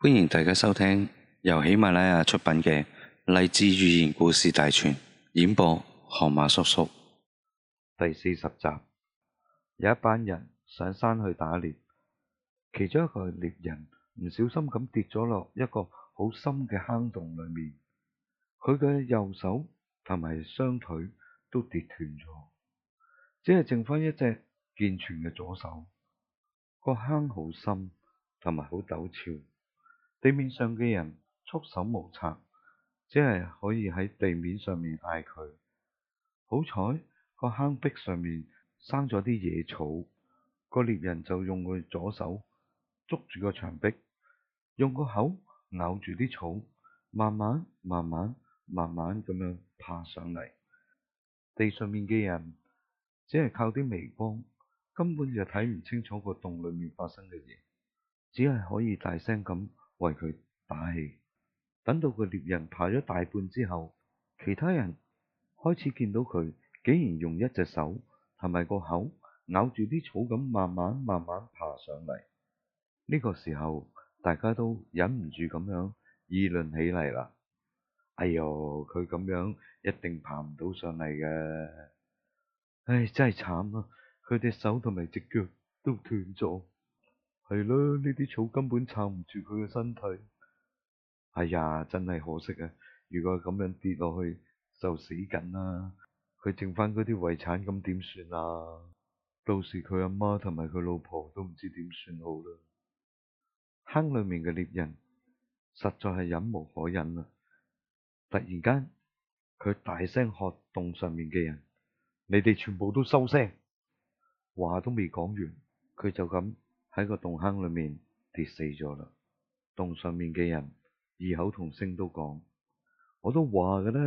歡迎大家收聽由喜馬拉雅出品嘅《勵志寓言故事大全》，演播河馬叔叔第四十集。有一班人上山去打獵，其中一個獵人唔小心咁跌咗落一個好深嘅坑洞裏面，佢嘅右手同埋雙腿都跌斷咗，只係剩翻一隻健全嘅左手。個坑好深，同埋好陡峭。地面上嘅人束手無策，只係可以喺地面上面嗌佢。好彩個坑壁上面生咗啲野草，個獵人就用佢左手捉住個牆壁，用個口咬住啲草，慢慢、慢慢、慢慢咁樣爬上嚟。地上面嘅人只係靠啲微光，根本就睇唔清楚個洞裏面發生嘅嘢，只係可以大聲咁。為佢打氣，等到個獵人爬咗大半之後，其他人開始見到佢竟然用一隻手同埋個口咬住啲草咁，慢慢慢慢爬上嚟。呢個時候，大家都忍唔住咁樣議論起嚟啦。哎呦，佢咁樣一定爬唔到上嚟嘅。唉，真係慘啊！佢隻手同埋隻腳都斷咗。係咯，呢啲草根本撐唔住佢嘅身體。哎呀，真係可惜啊！如果佢咁樣跌落去，就死緊啦、啊。佢剩翻嗰啲遺產，咁點算啊？到時佢阿媽同埋佢老婆都唔知點算好啦。坑裏面嘅獵人實在係忍無可忍啦、啊！突然間，佢大聲喝：洞上面嘅人，你哋全部都收聲！話都未講完，佢就咁。喺個洞坑裏面跌死咗啦！洞上面嘅人異口同聲都講：我都話㗎啦，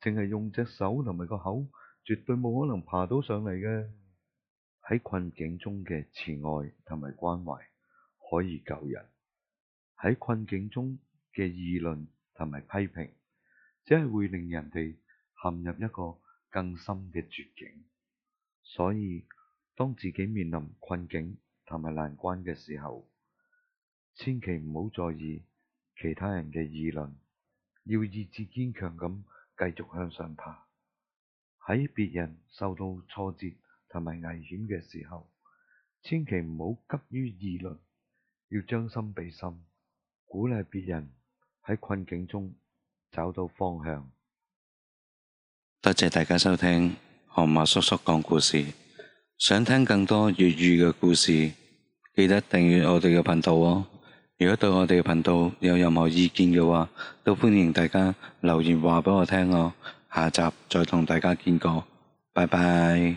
淨係用隻手同埋個口，絕對冇可能爬到上嚟嘅。喺困境中嘅慈愛同埋關懷可以救人，喺困境中嘅議論同埋批評，只係會令人哋陷入一個更深嘅絕境。所以當自己面臨困境，同埋難關嘅時候，千祈唔好在意其他人嘅議論，要意志堅強咁繼續向上爬。喺別人受到挫折同埋危險嘅時候，千祈唔好急於議論，要將心比心，鼓勵別人喺困境中找到方向。多謝大家收聽河馬叔叔講故事，想聽更多粵語嘅故事，記得訂閱我哋嘅頻道哦！如果對我哋嘅頻道有任何意見嘅話，都歡迎大家留言話畀我聽哦。下集再同大家見過，拜拜。